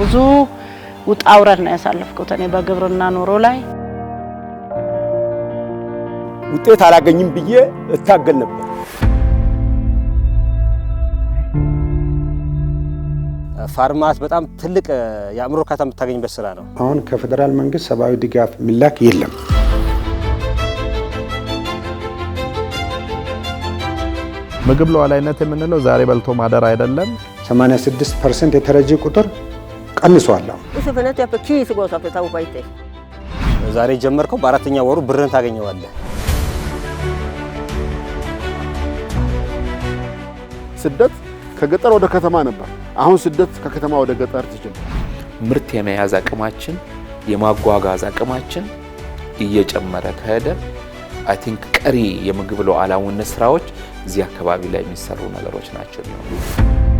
ብዙ ውጣውረድ ነው ያሳለፍኩት እኔ በግብርና ኑሮ ላይ ውጤት አላገኝም ብዬ እታገል ነበር። ፋርማት በጣም ትልቅ የአእምሮ እርካታ የምታገኝበት ስራ ነው። አሁን ከፌዴራል መንግስት ሰብአዊ ድጋፍ የሚላክ የለም። ምግብ ሉዓላዊነት የምንለው ዛሬ በልቶ ማደር አይደለም። 86 ፐርሰንት የተረጂ ቁጥር ቀንሷል። ዛሬ ጀመርከው፣ በአራተኛ ወሩ ብርን ታገኘዋለህ። ስደት ከገጠር ወደ ከተማ ነበር። አሁን ስደት ከከተማ ወደ ገጠር ትችል። ምርት የመያዝ አቅማችን፣ የማጓጓዝ አቅማችን እየጨመረ ከሄደ አይ ቲንክ ቀሪ የምግብ ሉዓላዊነት ስራዎች እዚህ አካባቢ ላይ የሚሰሩ ነገሮች ናቸው የሚሆኑ